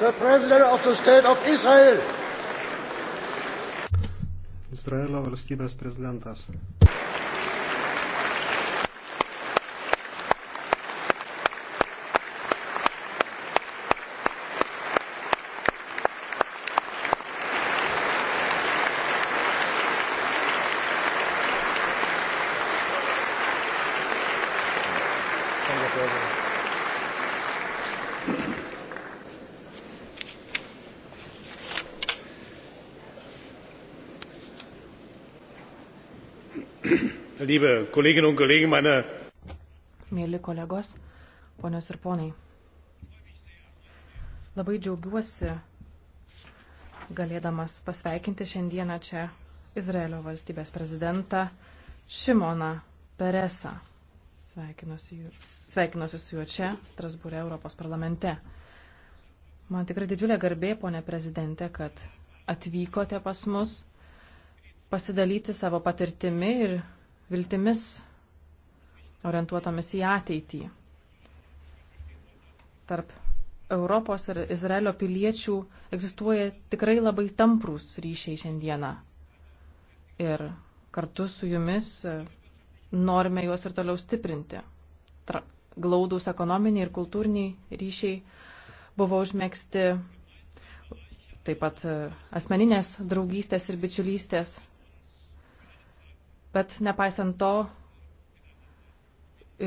the President of the State of Israel. Izraelio valstybės prezidentas. liebe Kolleginnen und Kollegen, meine. Mėly kolegos, ponios ir ponai. Labai džiaugiuosi galėdamas pasveikinti šiandieną čia Izraelio valstybės prezidentą Šimoną Peresą. Sveikinuosi, sveikinuosi su juo čia, Strasbūre, Europos parlamente. Man tikrai didžiulė garbė, ponė prezidentė, kad atvykote pas mus pasidalyti savo patirtimi ir viltimis orientuotomis į ateitį. Tarp Europos ir Izraelio piliečių egzistuoja tikrai labai tamprūs ryšiai šiandieną. Ir kartu su jumis e, norime juos ir toliau stiprinti. Tra glaudus ekonominiai ir kultūriniai ryšiai buvo užmėgsti, taip pat e, asmeninės draugystės ir bičiulystės Bet nepaisant to, e,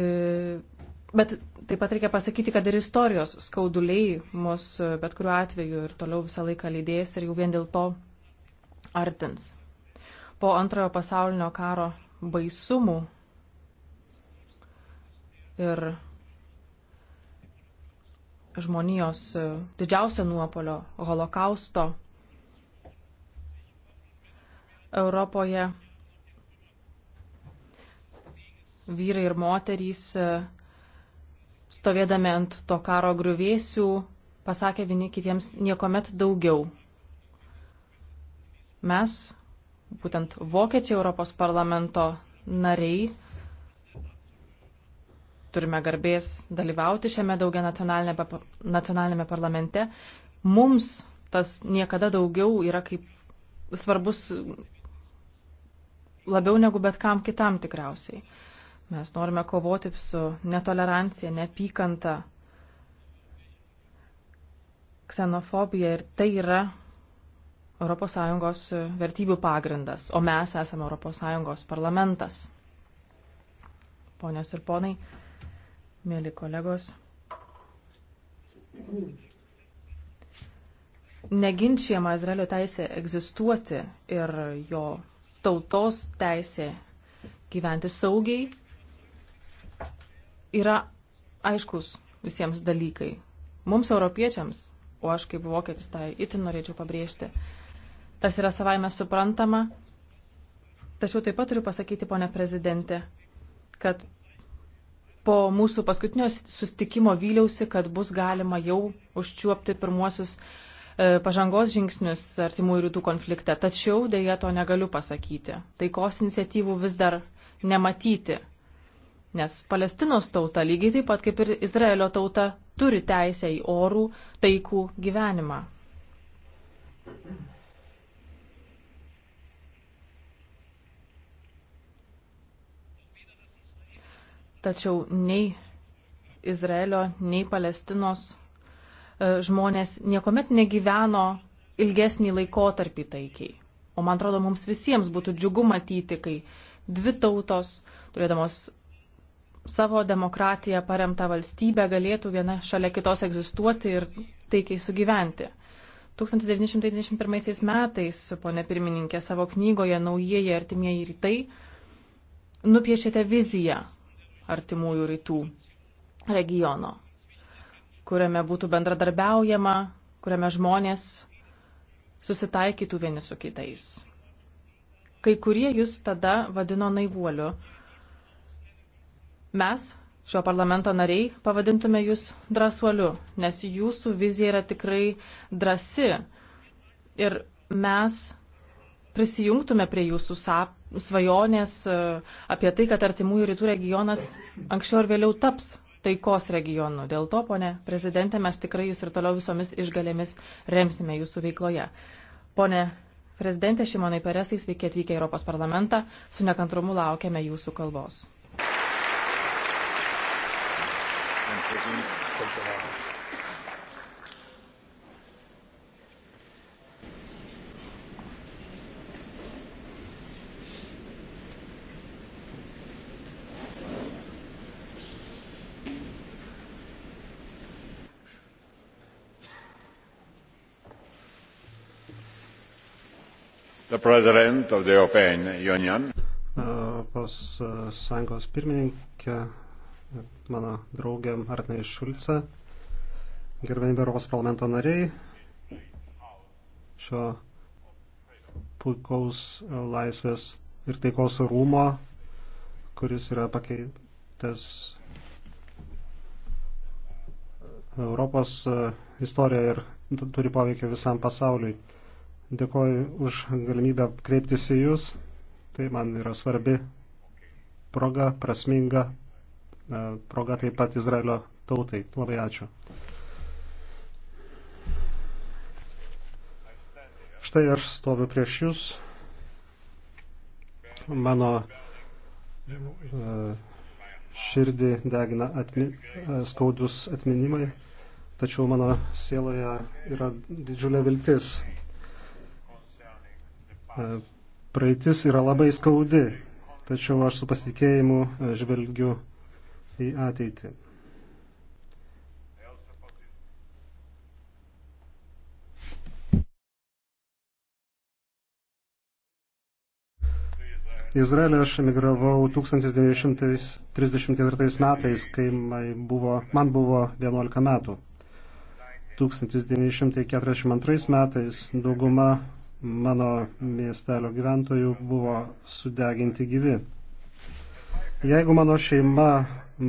bet taip pat reikia pasakyti, kad ir istorijos skauduliai mus e, bet kuriuo atveju ir toliau visą laiką lydės ir jau vien dėl to artins. Po antrojo pasaulinio karo baisumų ir žmonijos e, didžiausio nuopolio holokausto Europoje vyrai ir moterys, e, stovėdami ant to karo gruvėsių, pasakė vieni kitiems niekuomet daugiau. Mes, būtent vokiečiai Europos parlamento nariai, turime garbės dalyvauti šiame daugia nacionalinėme, nacionalinėme parlamente. Mums tas niekada daugiau yra kaip svarbus labiau negu bet kam kitam tikriausiai. Mes norime kovoti su netolerancija, nepykanta, ksenofobija ir tai yra ES vertybių pagrindas, o mes esame ES parlamentas. Ponios ir ponai, mėly kolegos, neginčiama Izraelio teisė egzistuoti ir jo tautos teisė gyventi saugiai yra aiškus visiems dalykai. Mums, europiečiams, o aš kaip vokietis tą tai itin norėčiau pabrėžti, tas yra savaime suprantama. Tačiau taip pat turiu pasakyti, ponė prezidentė, kad po mūsų paskutinio sustikimo vyliausi, kad bus galima jau užčiuopti pirmuosius e, pažangos žingsnius artimųjų rytų konflikte. Tačiau dėja to negaliu pasakyti. Taikos iniciatyvų vis dar nematyti Nes Palestinos tauta lygiai taip pat kaip ir Izraelio tauta turi teisę į orų taikų gyvenimą. Tačiau nei Izraelio, nei Palestinos e, žmonės niekuomet negyveno ilgesnį laikotarpį taikiai. O man atrodo, mums visiems būtų džiugu matyti, kai dvi tautos, turėdamos savo demokratiją paremtą valstybę galėtų viena šalia kitos egzistuoti ir taikiai sugyventi. 1991 metais, ponė pirmininkė, savo knygoje Naujieji artimieji rytai nupiešėte viziją artimųjų rytų regiono, kuriame būtų bendradarbiaujama, kuriame žmonės susitaikytų vieni su kitais. Kai kurie jūs tada vadino naivuoliu Mes, šio parlamento nariai, pavadintume jūs drąsuoliu, nes jūsų vizija yra tikrai drasi. Ir mes prisijungtume prie jūsų sap, svajonės e, apie tai, kad artimųjų rytų regionas anksčiau ar vėliau taps taikos regionu. Dėl to, ponė prezidentė, mes tikrai jūs ir toliau visomis išgalėmis remsime jūsų veikloje. Pone prezidentė Šimonai Peresai, sveiki atvykę į Europos parlamentą, su nekantrumu laukiame jūsų kalbos. the president of the European Union. Europos Sąjungos pirmininkė mano draugė Martinai Šulce, gerbėjai Europos parlamento nariai, šio puikaus laisvės ir taikos rūmo, kuris yra pakeitęs Europos e, istoriją ir turi poveikį visam pasauliui. Dėkoju už galimybę kreiptis į Jūs. Tai man yra svarbi proga, prasminga E, proga taip pat Izraelio tautai. Labai ačiū. Štai aš stoviu prieš Jūs. Mano e, širdį degina atmi, e, skaudus atminimai, tačiau mano sieloje yra didžiulė viltis. Praeitis yra labai skaudi, tačiau aš su pasitikėjimu žvelgiu į ateitį. Izraelį aš emigravau 1934 metais, kai buvo, man buvo 11 metų. 1942 metais dauguma mano miestelio gyventojų buvo sudeginti gyvi. Jeigu mano šeima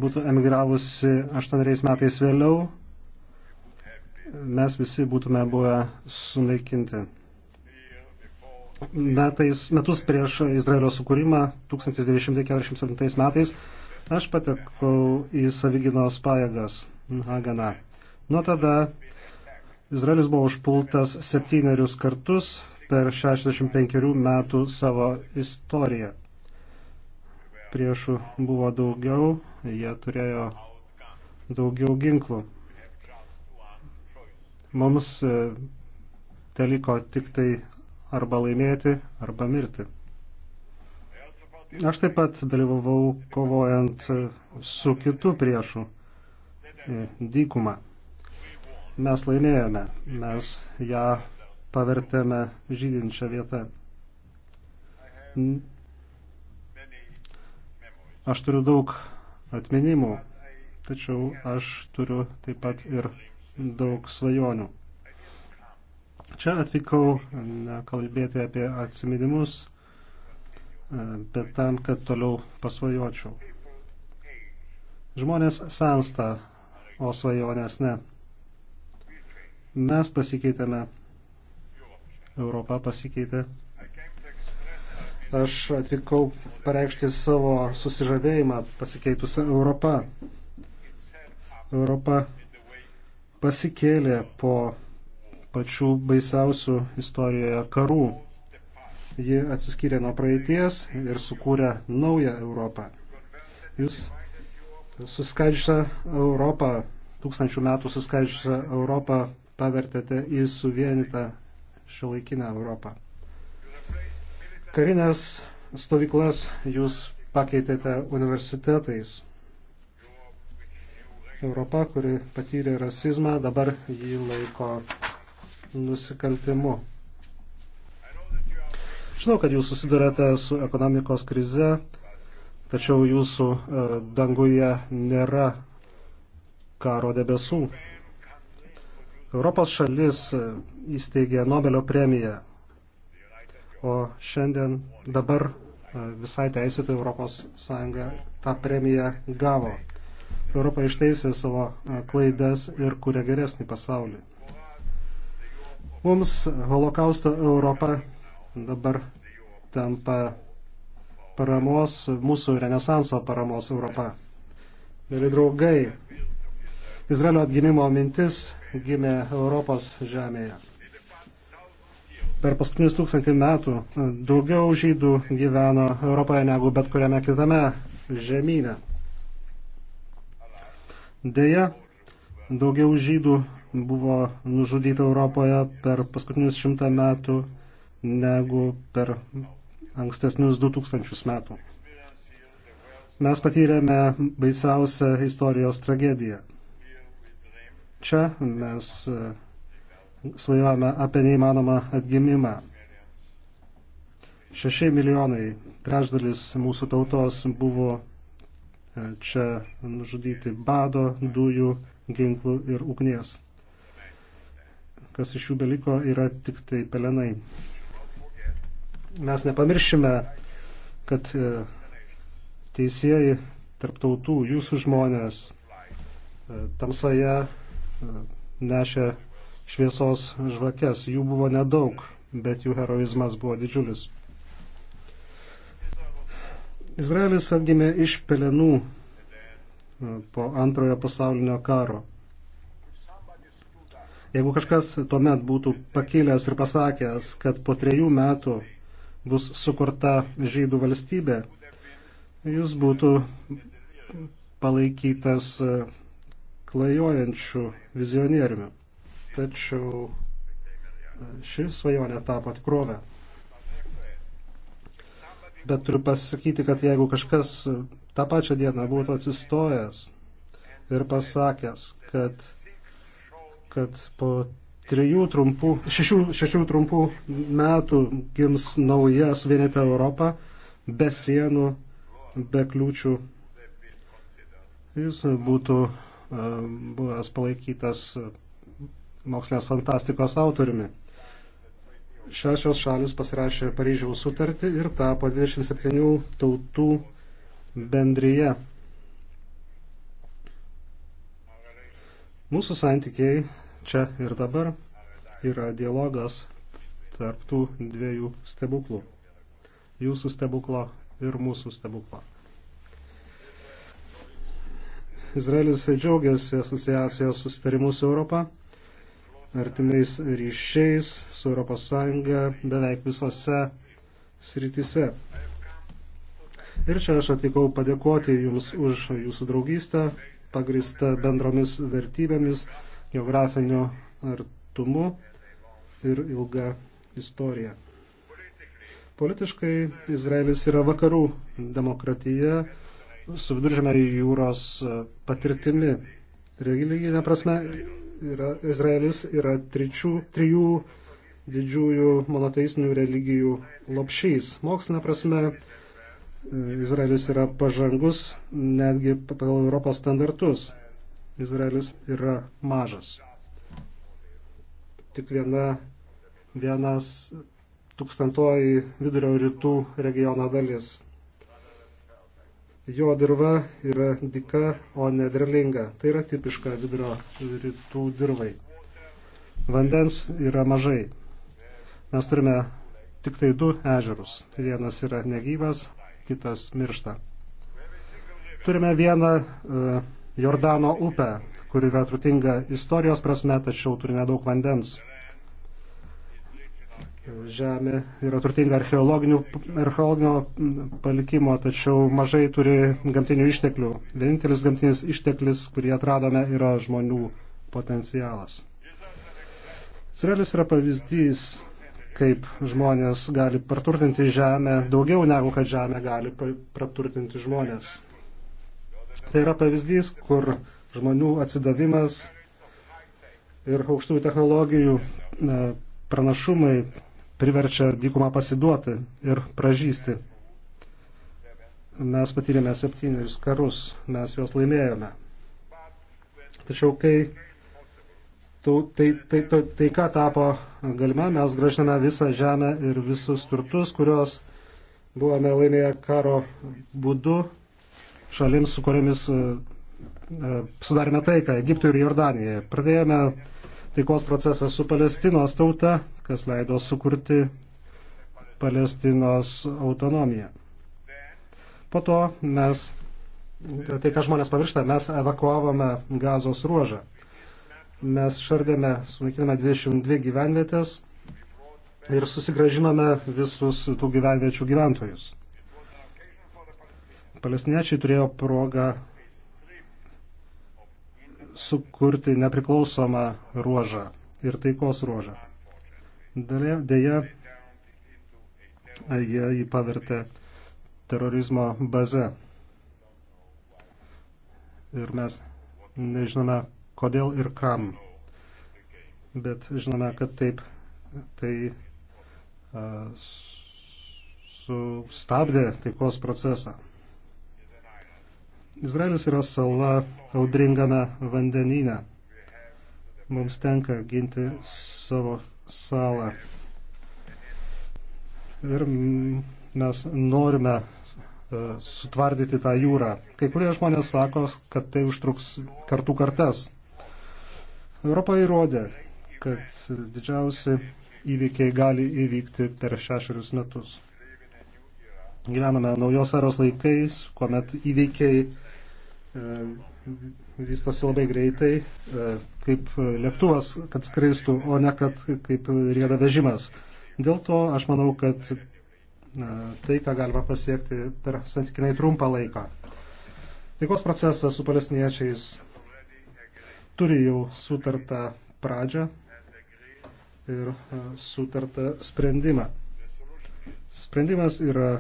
būtų emigravusi aštuoneriais metais vėliau, mes visi būtume buvę sunaikinti. Metais, metus prieš Izraelio sukūrimą, 1947 metais, aš patekau į Saviginos pajėgas Hagana. Nuo tada Izraelis buvo užpultas septynerius kartus per 65 metų savo istoriją priešų buvo daugiau, jie turėjo daugiau ginklų. Mums e, teliko tik tai arba laimėti, arba mirti. Aš taip pat dalyvavau kovojant su kitu priešu e, - dykumą. Mes laimėjome, mes ją pavertėme žydinčią vietą. Aš turiu daug atminimų, tačiau aš turiu taip pat ir daug svajonių. Čia atvykau ne kalbėti apie atsiminimus, e, bet tam, kad toliau pasvajočiau. Žmonės sensta, o svajonės ne. Mes pasikeitėme, Europa pasikeitė. Aš atvykau pareikšti savo susižavėjimą pasikeitusią Europą. Europa pasikėlė po pačių baisiausių istorijoje karų. Ji atsiskyrė nuo praeities ir sukūrė naują Europą. Jūs suskaidžiusią Europą, tūkstančių metų suskaidžiusią Europą pavertėte į suvienytą šiuolaikinę Europą. Karinės stovyklas jūs pakeitėte universitetais. Europa, kuri patyrė rasizmą, dabar jį laiko nusikaltimu. Žinau, kad jūs susidurėte su ekonomikos krize, tačiau jūsų e, danguje nėra karo debesų. Europos šalis e, įsteigė Nobelio premiją o šiandien dabar e, visai teisėtai ES tą premiją gavo. Europa išteisė savo e, klaidas ir kuria geresnį pasaulį. Mums holokausto Europa dabar tampa paramos, mūsų renesanso paramos Europa. Mėly draugai, Izraelio atgimimo mintis gimė Europos žemėje per paskutinius tūkstantį metų e, daugiau žydų gyveno Europoje negu bet kuriame kitame žemynė. Deja, daugiau žydų buvo nužudyta Europoje per paskutinius šimtą metų negu per ankstesnius 2000 metų. Mes patyrėme baisiausią istorijos tragediją. Čia mes e, svajojame apie neįmanomą atgimimą. Šešiai milijonai trečdalis mūsų tautos buvo e, čia nužudyti bado, dujų, ginklų ir ugnies. Kas iš jų beliko yra tik tai pelenai. Mes nepamiršime, kad e, teisėjai tarptautų, jūsų žmonės e, tamsoje nešė šviesos žvakes. Jų buvo nedaug, bet jų heroizmas buvo didžiulis. Izraelis atgimė iš pelenų e, po antrojo pasaulinio karo. Jeigu kažkas tuomet būtų pakilęs ir pasakęs, kad po trejų metų bus sukurta žydų valstybė, jis būtų palaikytas e, klajojančių vizionieriumi tačiau e, ši svajonė tapo tikrovę. Bet turiu pasakyti, kad jeigu kažkas tą pačią dieną būtų atsistojęs ir pasakęs, kad, kad po trijų trumpų, šešių, šešių trumpų metų gims nauja suvienyta Europa be sienų, be kliūčių, jis būtų e, buvęs palaikytas mokslinės fantastikos autoriumi. Šešios šalis pasirašė Paryžiaus sutartį ir tapo 27 tautų bendryje. Mūsų santykiai čia ir dabar yra dialogas tarptų dviejų stebuklų. Jūsų stebuklo ir mūsų stebuklo. Izraelis džiaugiasi asociacijos susitarimu su Europa artimais ryšiais su ES beveik visose srityse. Ir čia aš atvykau padėkoti Jums už Jūsų draugystę, pagrįstą bendromis vertybėmis, geografiniu artumu ir ilga istorija. Politiškai Izraelis yra vakarų demokratija su viduržėme jūros patirtimi. Religinė prasme yra, Izraelis yra tričių, trijų didžiųjų monoteistinių religijų lopšys. Mokslinė prasme, Izraelis yra pažangus netgi pagal Europos standartus. Izraelis yra mažas. Tik viena, vienas tūkstantoji vidurio rytų regiono dalis jo dirva yra dika, o nederlinga. Tai yra tipiška vidurio rytų dirvai. Vandens yra mažai. Mes turime tik tai du ežerus. Vienas yra negyvas, kitas miršta. Turime vieną uh, Jordano upę, kuri yra trutinga istorijos prasme, tačiau turime daug vandens. Žemė yra turtinga archeologinio palikimo, tačiau mažai turi gamtinių išteklių. Vienintelis gamtinis išteklis, kurį atradome, yra žmonių potencialas. Izraelis yra pavyzdys, kaip žmonės gali praturtinti žemę daugiau negu kad žemė gali praturtinti žmonės. Tai yra pavyzdys, kur žmonių atsidavimas ir aukštųjų technologijų pranašumai priverčia dykumą pasiduoti ir pražysti. Mes patyrėme septynius karus, mes juos laimėjome. Tačiau kai tai, tai, tai, tai ką tapo galima, mes gražiname visą žemę ir visus turtus, kuriuos buvome laimėję karo būdu šalims, su kuriamis e, e, sudarėme taiką Egiptui ir Jordanijai. Pradėjome taikos procesą su Palestinos tauta, kas leido sukurti Palestinos autonomiją. Po to mes, tai ką žmonės pamiršta, mes evakuavome gazos ruožą. Mes šardėme, sunaikinome 22 gyvenvietės ir susigražinome visus tų gyvenviečių gyventojus. Palestiniečiai turėjo progą sukurti nepriklausomą ruožą ir taikos ruožą. Deja, jie jį pavertė terorizmo bazę. Ir mes nežinome, kodėl ir kam. Bet žinome, kad taip tai uh, sustabdė taikos procesą. Izraelis yra sala audringame vandenyne. Mums tenka ginti savo salą. Ir mes norime e, sutvardyti tą jūrą. Kai kurie žmonės sako, kad tai užtruks kartų kartas. Europa įrodė, kad didžiausi įvykiai gali įvykti per šešerius metus. Gyvename naujos eros laikais, kuomet įvykiai e, vystosi labai greitai, e, kaip lėktuvas, kad skristų, o ne kad kaip rieda vežimas. Dėl to aš manau, kad na, e, tai, ką galima pasiekti per santykinai trumpą laiką. Taikos procesas su palestiniečiais turi jau sutartą pradžią ir e, sutartą sprendimą. Sprendimas yra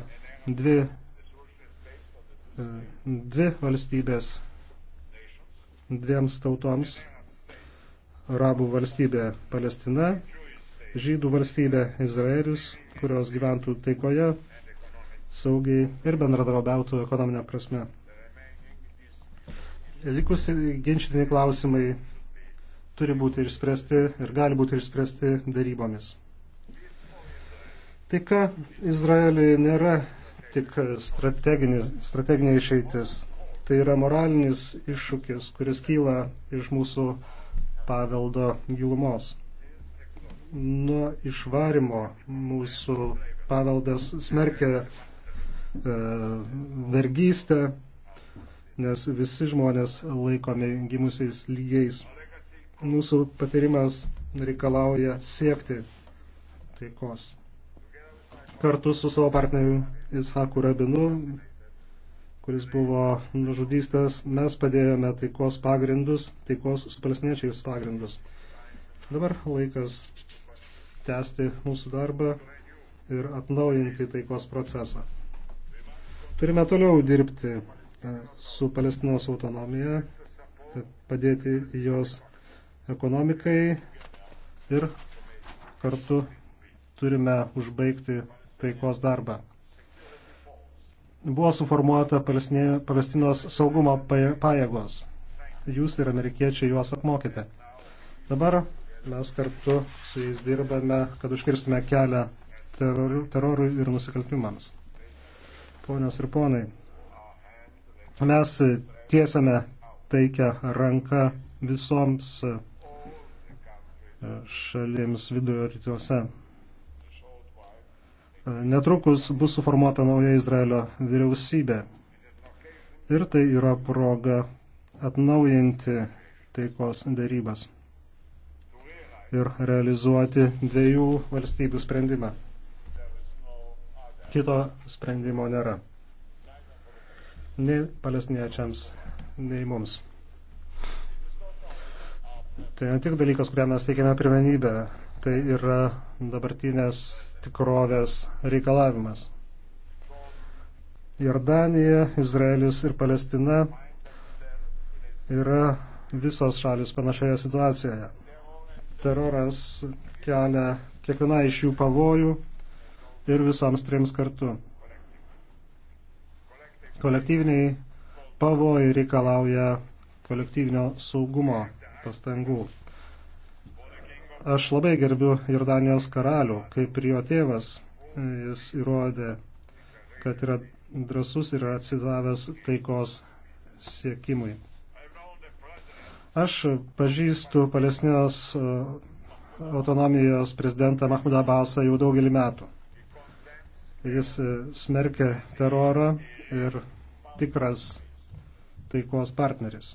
dvi, dvi valstybės dviems tautoms - arabų valstybė Palestina, žydų valstybė Izraelis, kurios gyventų taikoje, saugiai ir bendradarbiautų ekonominė prasme. Likusi ginčytiniai klausimai turi būti išspręsti ir gali būti išspręsti darybomis. Taika Izraeliui nėra tik strateginė išeitis, Tai yra moralinis iššūkis, kuris kyla iš mūsų paveldo gilumos. Nuo išvarimo mūsų paveldas smerkia e, vergystę, nes visi žmonės laikomi gimusiais lygiais. Mūsų patyrimas reikalauja siekti taikos. Kartu su savo partneriu Ishaku Rabinu kuris buvo nužudystas, mes padėjome taikos pagrindus, taikos su palestiniečiais pagrindus. Dabar laikas tęsti mūsų darbą ir atnaujinti taikos procesą. Turime toliau dirbti e, su Palestinos autonomija, e, padėti jos ekonomikai ir kartu turime užbaigti taikos darbą buvo suformuota Palestinos saugumo pajėgos. Jūs ir amerikiečiai juos apmokite. Dabar mes kartu su jais dirbame, kad užkirstume kelią terorui ir nusikaltimams. Ponios ir ponai, mes tiesame taikę ranką visoms e, šalims vidurio rytuose. Netrukus bus suformuota nauja Izraelio vyriausybė. Ir tai yra proga atnaujinti taikos darybas ir realizuoti dviejų valstybių sprendimą. Kito sprendimo nėra. Nei palestiniečiams, nei mums. Tai ne tik dalykas, kuriam mes teikiame pirmenybę, tai yra dabartinės tikrovės reikalavimas. Jordanija, Izraelis ir Palestina yra visos šalis panašioje situacijoje. Teroras kelia kiekviena iš jų pavojų ir visoms trims kartu. Kolektyviniai pavojai reikalauja kolektyvinio saugumo pastangų. Aš labai gerbiu Jordanijos karalių, kaip ir jo tėvas. Jis įrodė, kad yra drasus ir atsidavęs taikos siekimui. Aš pažįstu Palestinos e, autonomijos prezidentą Mahmudą Basą jau daugelį metų. Jis e, smerkia terorą ir tikras taikos partneris.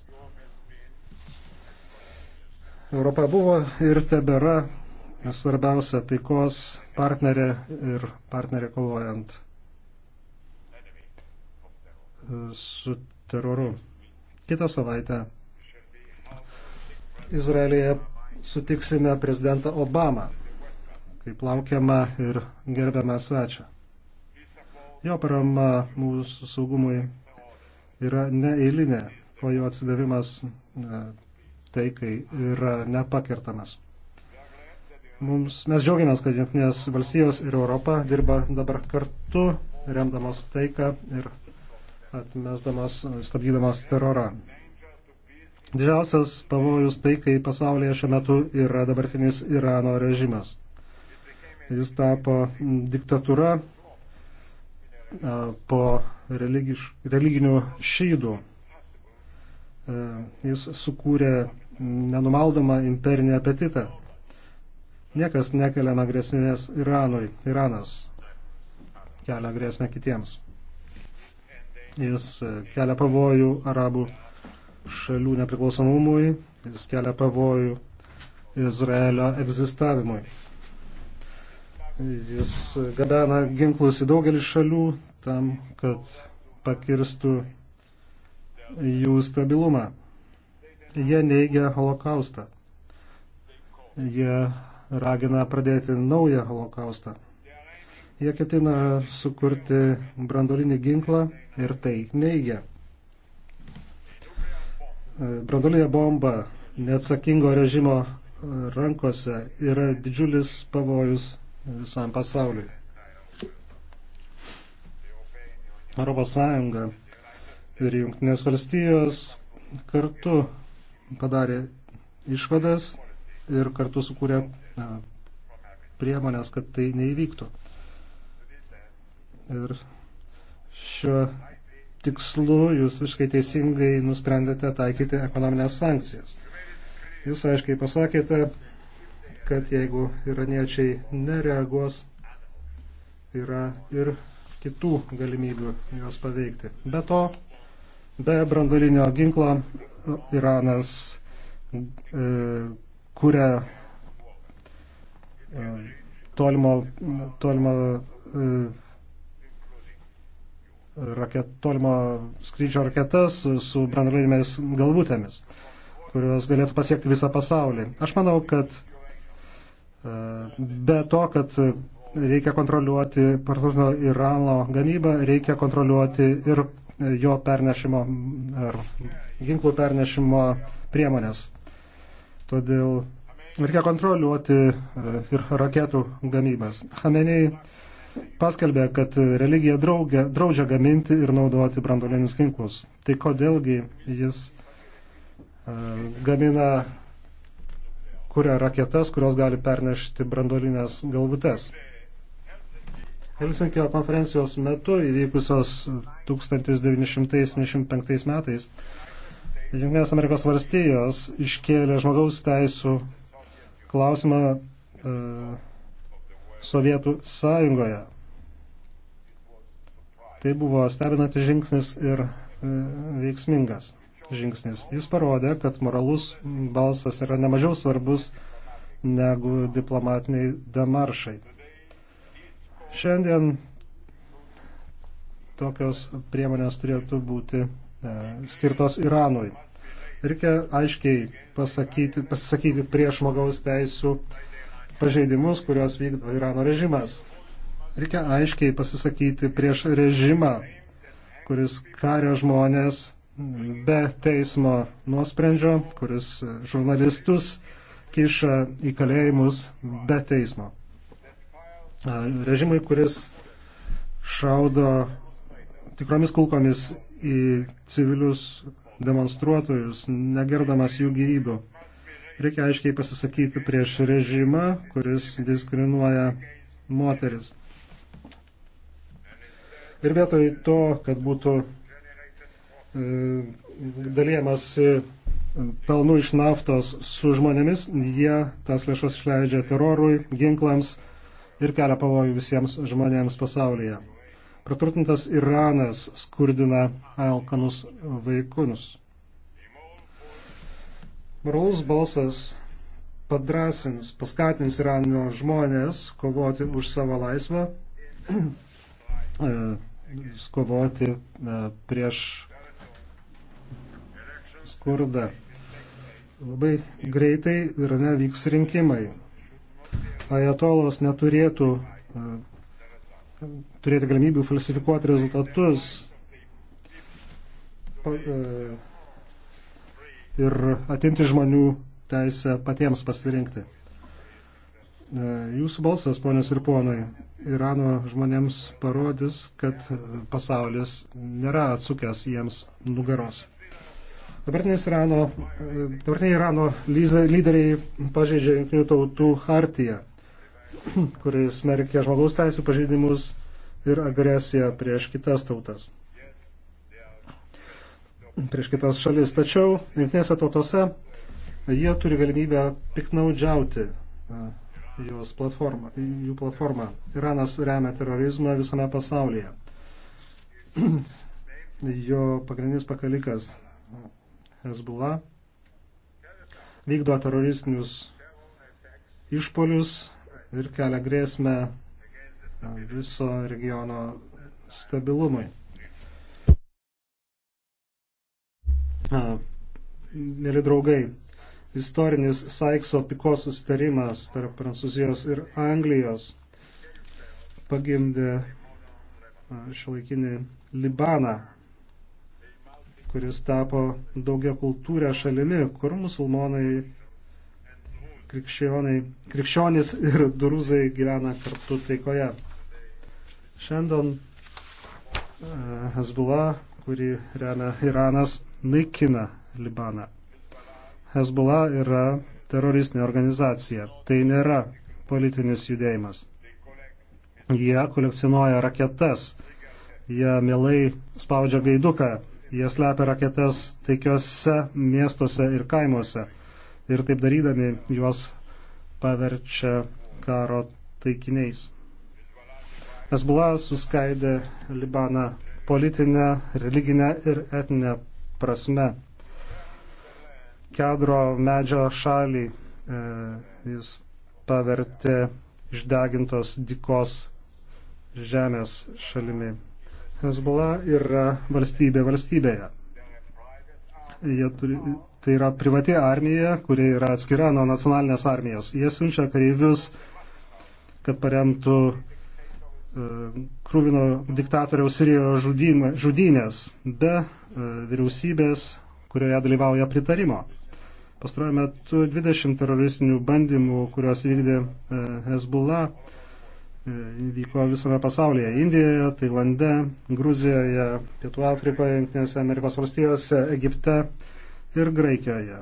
Europa buvo ir tebėra svarbiausia taikos partnerė ir partnerė kovojant su teroru. Kitą savaitę Izraelėje sutiksime prezidentą Obamą, kaip laukiama ir gerbiama svečia. Jo parama mūsų saugumui yra neeilinė, o jo atsidavimas e, taikai yra nepakertamas. Mums, mes džiaugiamės, kad Junktinės valstijos ir Europa dirba dabar kartu, remdamas taiką ir atmesdamas, stabdydamas terorą. Didžiausias pavojus taikai pasaulyje šiuo metu yra dabartinis Irano režimas. Jis tapo diktatūra po religiš, religinių šydų. Jis sukūrė nenumaldomą imperinį apetitą. Niekas nekeliama grėsmės Iranui. Iranas kelia grėsmę kitiems. Jis e, kelia pavojų arabų šalių nepriklausomumui, jis kelia pavojų Izraelio egzistavimui. Jis gabena ginklus į daugelį šalių tam, kad pakirstų jų stabilumą. Jie neigia holokaustą. Jie ragina pradėti naują holokaustą. Jie ketina sukurti brandolinį ginklą ir tai neigia. Brandolinė bomba neatsakingo režimo rankose yra didžiulis pavojus visam pasauliui. Europos Sąjunga ir Junktinės valstijos kartu padarė išvadas ir kartu sukūrė priemonės, kad tai neįvyktų. Ir šiuo tikslu jūs visiškai teisingai nusprendėte taikyti ekonominės sankcijas. Jūs aiškiai pasakėte, kad jeigu iraniečiai nereaguos, yra ir kitų galimybių juos paveikti. Be to, be brandolinio ginklo Iranas e, kuria e, tolimo, tolimo e, raket, tolimo skrydžio raketas su branduolinėmis galvutėmis, kurios galėtų pasiekti visą pasaulį. Aš manau, kad be to, kad reikia kontroliuoti partutinio Irano gamybą, reikia kontroliuoti ir jo pernešimo ar ginklų pernešimo priemonės. Todėl reikia kontroliuoti e, ir raketų gamybas. Hameniai paskelbė, kad religija draugia, draudžia gaminti ir naudoti brandolinius ginklus. Tai kodėlgi jis e, gamina, kuria raketas, kurios gali pernešti brandolinės galvutes. Helsinkio konferencijos metu įvykusios 1975 metais Junktinės Amerikos valstijos iškėlė žmogaus teisų klausimą e, Sovietų sąjungoje. Tai buvo stebinantis žingsnis ir e, veiksmingas žingsnis. Jis parodė, kad moralus balsas yra nemažiau svarbus negu diplomatiniai demaršai. Šiandien tokios priemonės turėtų būti e, skirtos Iranui. Reikia aiškiai pasakyti, pasakyti prieš žmogaus teisų pažeidimus, kuriuos vykdo Irano režimas. Reikia aiškiai pasisakyti prieš režimą, kuris karia žmonės be teismo nuosprendžio, kuris žurnalistus kiša į kalėjimus be teismo režimui, kuris šaudo tikromis kulkomis į civilius demonstruotojus, negerdamas jų gyvybių. Reikia aiškiai pasisakyti prieš režimą, kuris diskriminuoja moteris. Ir vietoj to, kad būtų e, dalyjamas pelnų iš naftos su žmonėmis, jie tas lėšas išleidžia terorui, ginklams, ir kelia pavojų visiems žmonėms pasaulyje. Praturtintas Iranas skurdina alkanus vaikus. Moralus balsas padrasins, paskatins Irano žmonės kovoti už savo laisvę, e, kovoti e, prieš skurdą. Labai greitai Irane vyks rinkimai ajatolos neturėtų e, turėti galimybių falsifikuoti rezultatus e, ir atimti žmonių teisę patiems pasirinkti. E, jūsų balsas, ponios ir ponai, Irano žmonėms parodys, kad pasaulis nėra atsukęs jiems nugaros. Dabartiniai Irano, dabartiniai Irano lyderiai pažeidžia Junktinių tautų hartiją kuris smerkia žmogaus teisų pažeidimus ir agresiją prieš kitas tautas, prieš kitas šalis. Tačiau jungtinėse tautose jie turi galimybę piknaudžiauti jos platformą, jų platformą. Iranas remia terorizmą visame pasaulyje. Jo pagrindinis pakalikas Hezbollah vykdo teroristinius išpolius ir kelia grėsmę viso regiono stabilumui. Mėly draugai, istorinis Saikso piko susitarimas tarp Prancūzijos ir Anglijos pagimdė šilaikinį Libaną, kuris tapo daugia kultūrę šalimi, kur musulmonai krikščionys ir duruzai gyvena kartu taikoje. Šiandien e, Hezbollah, kuri remia Iranas, naikina Libaną. Hezbollah yra teroristinė organizacija. Tai nėra politinis judėjimas. Jie kolekcionuoja raketas, jie mielai spaudžia gaiduką, jie slepia raketas taikiuose miestuose ir kaimuose ir taip darydami juos paverčia karo taikiniais. Hezbollah suskaidė Libaną politinę, religinę ir etinę prasme. Kedro medžio šalį e, jis pavertė išdegintos dikos žemės šalimi. Hezbollah yra valstybė valstybėje turi, tai yra privati armija, kuri yra atskira nuo nacionalinės armijos. Jie siunčia kareivius, kad paremtų e, krūvino diktatoriaus Sirijoje žudynės be e, vyriausybės, kurioje dalyvauja pritarimo. Pastaruoju metu 20 teroristinių bandymų, kuriuos vykdė e, Hezbollah, E, vyko visame pasaulyje - Indijoje, Tailande, Gruzijoje, Pietų Afrikoje, Junktinėse Amerikos valstijose, Egipte ir Graikijoje.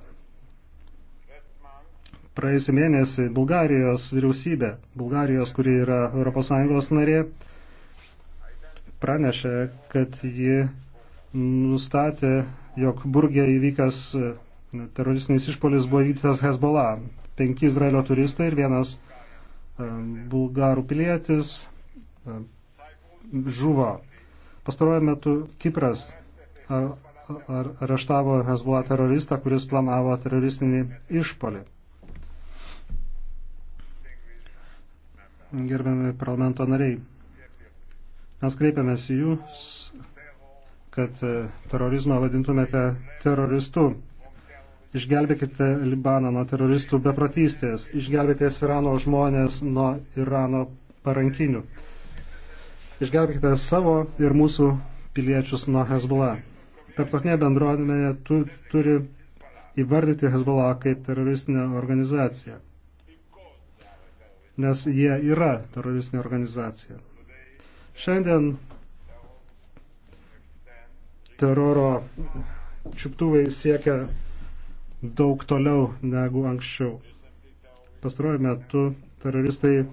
Praėjusį mėnesį Bulgarijos vyriausybė, Bulgarijos, kuri yra ES narė, pranešė, kad ji nustatė, jog Burgė įvykęs e, teroristinis išpolis buvo vykdytas Hezbollah. Penki Izraelio turistai ir vienas bulgarų pilietis žuvo. Pastaruoju metu Kipras areštavo Hezbollah teroristą, kuris planavo teroristinį išpolį. Gerbiami parlamento nariai, mes kreipiamės į jūs, kad terorizmą vadintumėte teroristu. Išgelbėkite Libaną nuo teroristų beprotystės, išgelbėkite Irano žmonės nuo Irano parankinių. Išgelbėkite savo ir mūsų piliečius nuo Hezbollah. Tarptautinė bendruomenė tu, turi įvardyti Hezbollah kaip teroristinę organizaciją, nes jie yra teroristinė organizacija. Šiandien teroro čiuptuvai siekia daug toliau negu anksčiau. Pastaruoju metu teroristai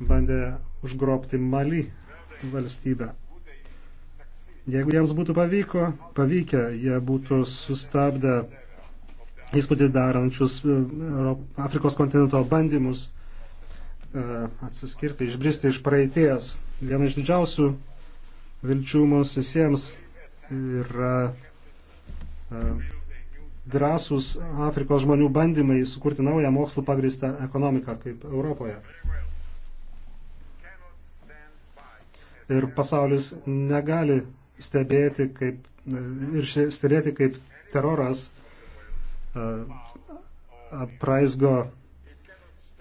bandė užgrobti Mali valstybę. Jeigu jiems būtų pavyko, pavykę, jie būtų sustabdę įspūdį darančius e, Afrikos kontinento bandymus e, atsiskirti, išbristi iš praeities. Viena iš didžiausių vilčių mums visiems yra e, drąsūs Afrikos žmonių bandymai sukurti naują mokslų pagristą ekonomiką kaip Europoje. Ir pasaulis negali stebėti kaip, ir stebėti kaip teroras e, apraizgo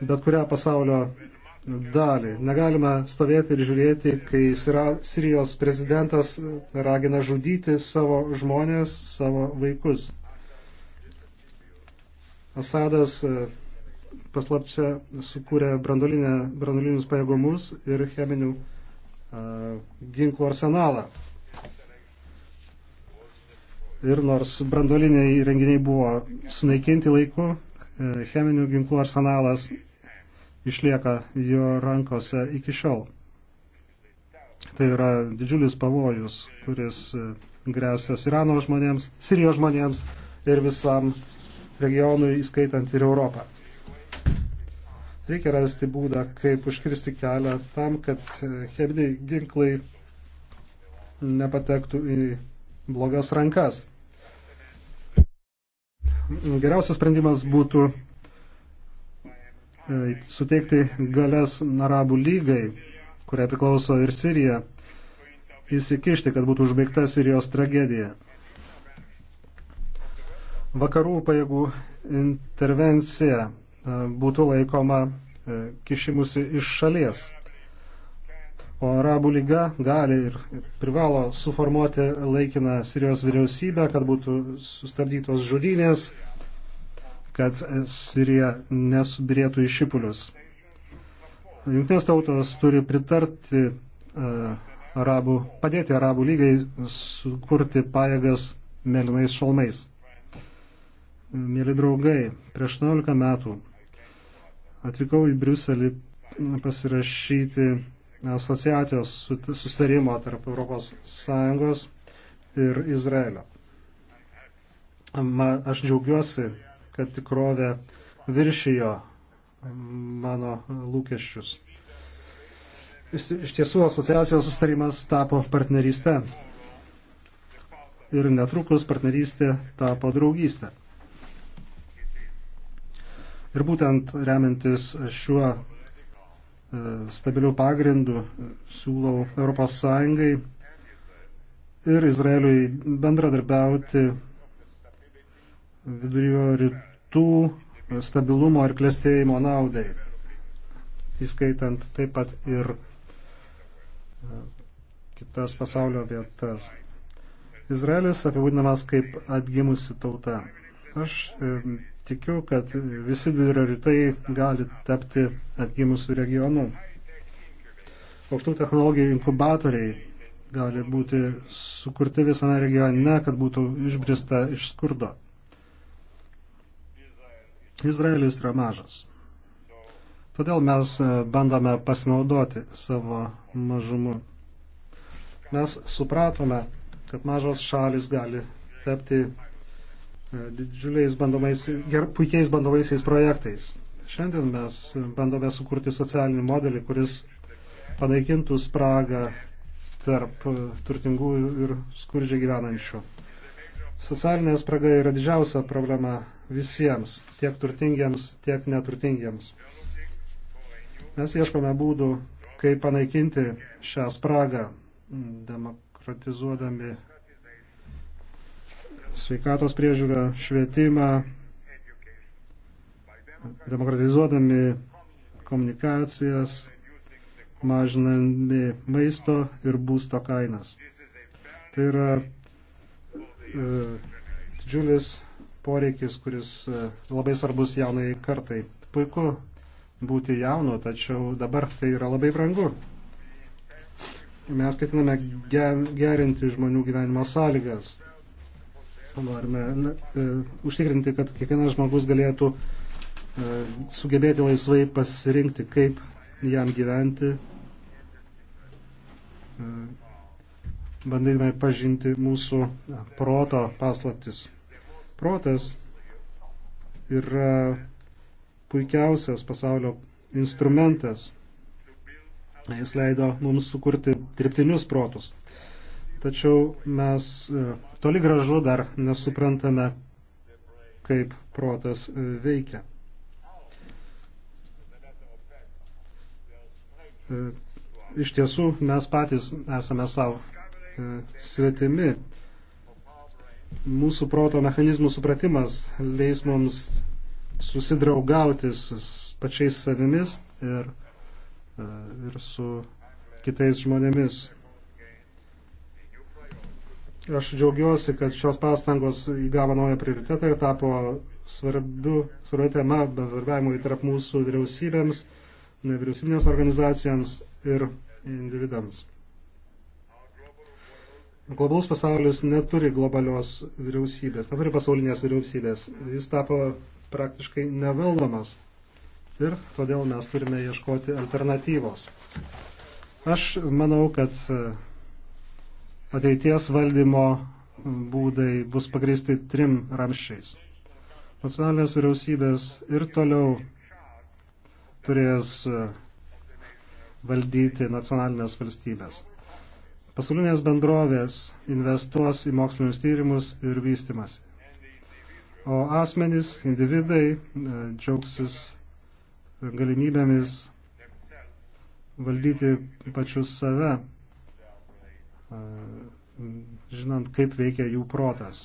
bet kurią pasaulio dalį. Negalime stovėti ir žiūrėti, kai Sirijos prezidentas ragina žudyti savo žmonės, savo vaikus. Asadas e, paslapčia sukūrė branduolinius pajėgumus ir cheminių e, ginklų arsenalą. Ir nors branduoliniai įrenginiai buvo sunaikinti laiku, e, cheminių ginklų arsenalas išlieka jo rankose iki šiol. Tai yra didžiulis pavojus, kuris grėsės Irano žmonėms, Sirijos žmonėms ir visam regionui, įskaitant ir Europą. Reikia rasti būdą, kaip užkirsti kelią tam, kad cheminiai ginklai nepatektų į blogas rankas. Geriausias sprendimas būtų e, suteikti galės Arabų lygai, kuriai priklauso ir Sirija, įsikišti, kad būtų užbaigta Sirijos tragedija vakarų pajėgų intervencija e, būtų laikoma e, kišimusi iš šalies. O Arabų lyga gali ir privalo suformuoti laikiną Sirijos vyriausybę, kad būtų sustabdytos žudynės, kad Sirija nesubirėtų iš šipulius. Junktinės tautos turi pritarti uh, arabų, padėti Arabų lygai sukurti pajėgas mėlynais šalmais. Mėly draugai, prieš 11 metų atvykau į Briuselį pasirašyti asociacijos susitarimo tarp ES ir Izraelio. Ma, aš džiaugiuosi, kad tikrovė viršijo mano lūkesčius. Iš tiesų, asociacijos sustarimas tapo partnerystę ir netrukus partnerystė tapo draugystę. Ir būtent remiantis šiuo e, stabilių pagrindų e, siūlau ES ir Izraeliui bendradarbiauti vidurio rytų stabilumo ir klėstėjimo naudai, įskaitant taip pat ir e, kitas pasaulio vietas. Izraelis apibūdinamas kaip atgimusi tauta. Aš tikiu, kad visi vidurio rytai gali tapti atgimusių regionų. Aukštų technologijų inkubatoriai gali būti sukurti visame regione, kad būtų išbrista iš skurdo. Izraelis yra mažas. Todėl mes e, bandome pasinaudoti savo mažumu. Mes supratome, kad mažos šalis gali tapti E, didžiuliais bandomais, ger, puikiais bandomaisiais projektais. Šiandien mes bandome sukurti socialinį modelį, kuris panaikintų spragą tarp turtingų ir skurdžiai gyvenančių. Socialinė spraga yra didžiausia problema visiems, tiek turtingiems, tiek neturtingiems. Mes ieškome būdų, kaip panaikinti šią spragą, demokratizuodami sveikatos priežiūrą, švietimą, demokratizuodami komunikacijas, mažinami maisto ir būsto kainas. Tai yra e, didžiulis poreikis, kuris e, labai svarbus jaunai kartai. Puiku būti jaunu, tačiau dabar tai yra labai brangu. Mes ketiname gerinti žmonių gyvenimo sąlygas norime na, e, užtikrinti, kad kiekvienas žmogus galėtų e, sugebėti laisvai pasirinkti, kaip jam gyventi. E, bandydami pažinti mūsų proto paslaptis. Protas yra puikiausias pasaulio instrumentas. Jis leido mums sukurti dirbtinius protus. Tačiau mes e, toli gražu dar nesuprantame, kaip protas e, veikia. E, iš tiesų, mes patys esame savo svetimi. Mūsų proto mechanizmų supratimas leis mums susidraugauti su pačiais savimis ir, ir su kitais žmonėmis. Aš džiaugiuosi, kad šios pastangos įgavo naują prioritetą ir tapo svarbiu, svarbia tema bendradarbiavimui tarp mūsų vyriausybėms, nevyriausybinėms organizacijoms ir individams. Globalus pasaulis neturi globalios vyriausybės, neturi pasaulinės vyriausybės. Jis tapo praktiškai nevaldomas ir todėl mes turime ieškoti alternatyvos. Aš manau, kad ateities valdymo būdai bus pagristi trim ramščiais. Nacionalinės vyriausybės ir toliau turės e, valdyti nacionalinės valstybės. Pasaulinės bendrovės investuos į mokslinius tyrimus ir vystimasi. O asmenys, individai e, džiaugsis galimybėmis valdyti pačius save žinant, kaip veikia jų protas.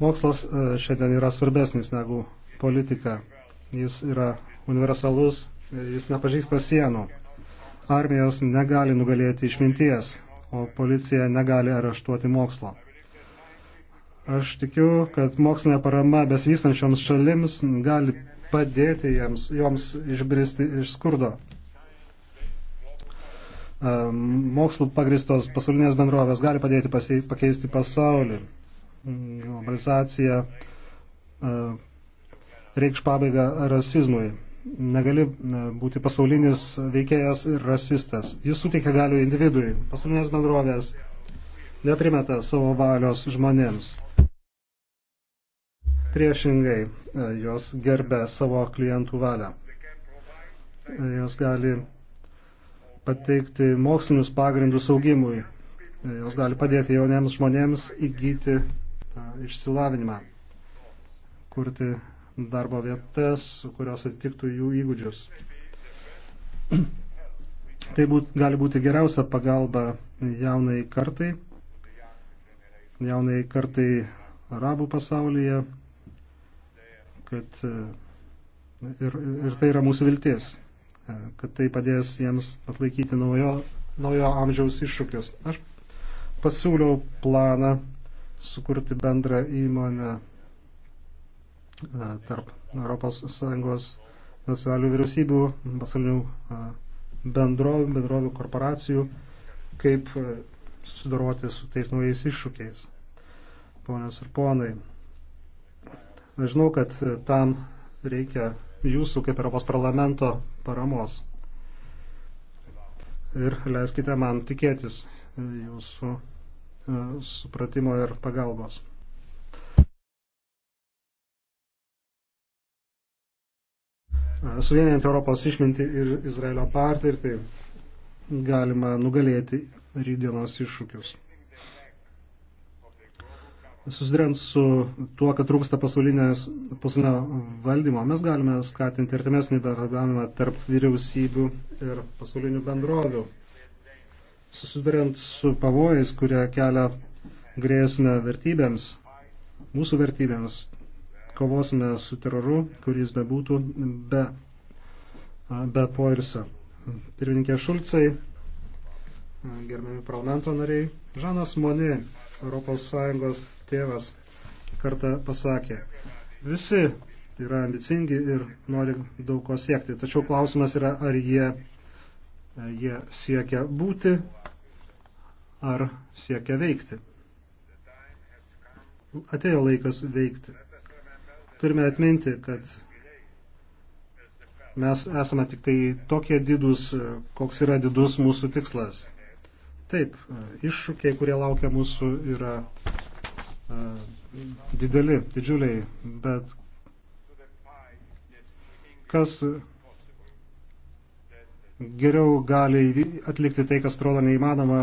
Mokslas šiandien yra svarbesnis negu politika. Jis yra universalus, jis nepažįsta sienų. Armijos negali nugalėti išminties, o policija negali areštuoti mokslo. Aš tikiu, kad mokslinė parama besvystančioms šalims gali padėti jiems, joms išbristi iš skurdo. E, mokslų pagristos pasaulinės bendrovės gali padėti pasie, pakeisti pasaulį. Globalizacija e, reikš pabaigą rasizmui. Negali e, būti pasaulinis veikėjas ir rasistas. Jis suteikia galių individui. Pasaulinės bendrovės neprimeta savo valios žmonėms. Priešingai, jos gerbė savo klientų valią. Jos gali pateikti mokslinius pagrindus augimui. E, jos gali padėti jauniems žmonėms įgyti tą išsilavinimą, kurti darbo vietas, kurios atitiktų jų įgūdžius. Tai būt, gali būti geriausia pagalba jaunai kartai, jaunai kartai arabų pasaulyje, kad e, ir, ir tai yra mūsų vilties kad tai padės jiems atlaikyti naujo, naujo amžiaus iššūkius. Aš pasiūliau planą sukurti bendrą įmonę e, tarp ES nacionalių vyriausybių, pasaulinių e, bendrovių, bendrovių korporacijų, kaip e, susidoroti su tais naujais iššūkiais. Ponios ir ponai, aš žinau, kad tam reikia jūsų kaip Europos parlamento paramos. Ir leiskite man tikėtis jūsų e, supratimo ir pagalbos. E, suvienijant Europos išminti ir Izraelio partnerį, tai galima nugalėti rydienos iššūkius susidurint su tuo, kad trūksta pasaulinio valdymo, mes galime skatinti artimesnį bendradarbiavimą tarp vyriausybių ir pasaulinių bendrovių. Susidurint su pavojais, kurie kelia grėsmę vertybėms, mūsų vertybėms, kovosime su teroru, kuris bebūtų be, be poilsio. Pirmininkė Šulcai, gerbiami parlamento nariai, Žanas Monė, ES tėvas kartą pasakė. Visi yra ambicingi ir nori daug ko siekti, tačiau klausimas yra, ar jie, e, jie siekia būti, ar siekia veikti. Atėjo laikas veikti. Turime atminti, kad mes esame tik tai tokie didus, e, koks yra didus mūsų tikslas. Taip, e, iššūkiai, kurie laukia mūsų, yra E, dideli, didžiuliai, bet kas geriau gali atlikti tai, kas atrodo neįmanoma,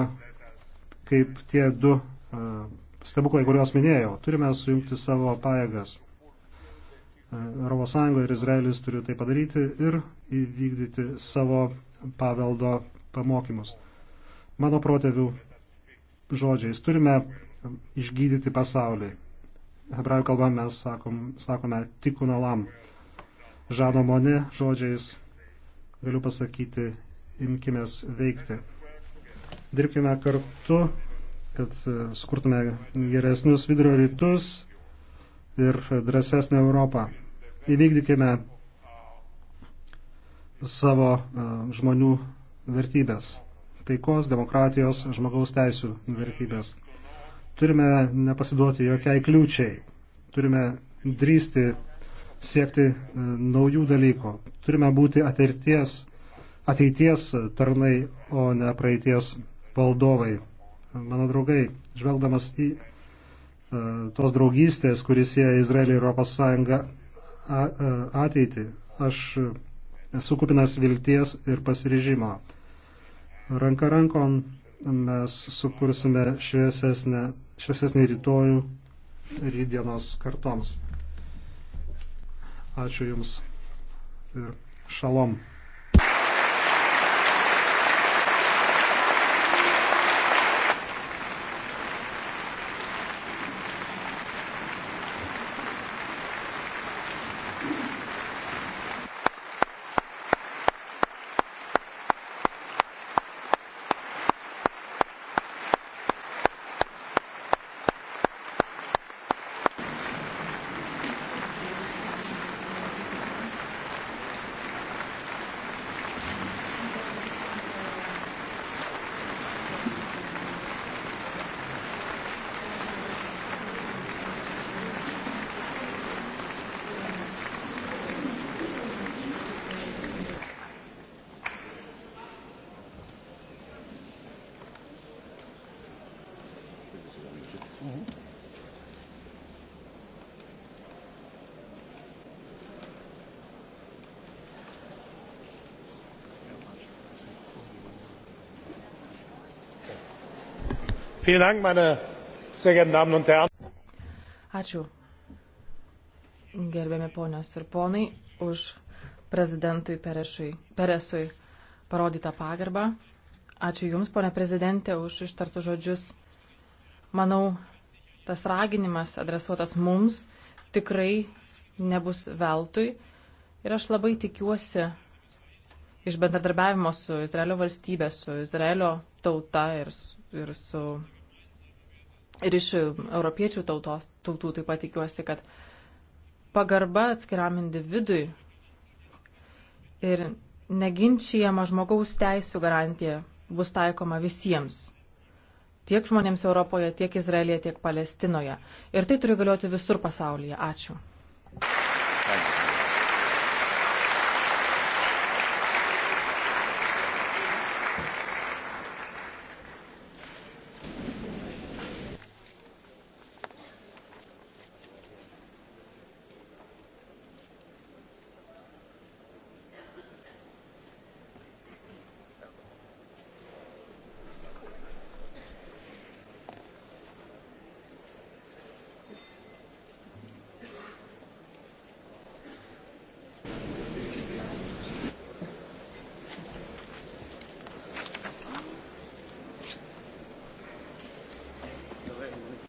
kaip tie du e, stebuklai, kuriuos minėjau. Turime sujungti savo pajėgas. ES ir Izraelis turi tai padaryti ir įvykdyti savo paveldo pamokymus. Mano protėvių žodžiais turime Um, išgydyti pasaulį. Hebrajų kalba mes sakom, sakome tikunalam. Žano Mone žodžiais galiu pasakyti, imkime veikti. Dirbkime kartu, kad e, sukurtume geresnius vidurio rytus ir drąsesnę Europą. Įvykdykime savo e, žmonių vertybės - taikos, demokratijos, žmogaus teisų vertybės. Turime nepasiduoti jokiai kliūčiai. Turime drįsti siekti e, naujų dalykų. Turime būti ateities, ateities tarnai, o ne praeities valdovai. Mano draugai, žvelgdamas į e, tos draugystės, kuris sieja Izraelį ir Europos Sąjungą e, ateitį, aš esu kupinas vilties ir pasiryžimo. Ranka rankon mes sukursime šviesesnį, šviesesnį rytojų rydienos kartoms. Ačiū Jums ir šalom. Ačiū, gerbėmi ponios ir ponai, už prezidentui Peresui, Peresui parodytą pagarbą. Ačiū Jums, ponė prezidentė, už ištartų žodžius. Manau, tas raginimas adresuotas mums tikrai nebus veltui. Ir aš labai tikiuosi iš bendradarbiavimo su Izraelio valstybė, su Izraelio tauta ir, ir su ir iš europiečių tautos, tautų taip pat tikiuosi, kad pagarba atskiram individui ir neginčiama žmogaus teisų garantija bus taikoma visiems. Tiek žmonėms Europoje, tiek Izraelėje, tiek Palestinoje. Ir tai turi galioti visur pasaulyje. Ačiū. Thank you.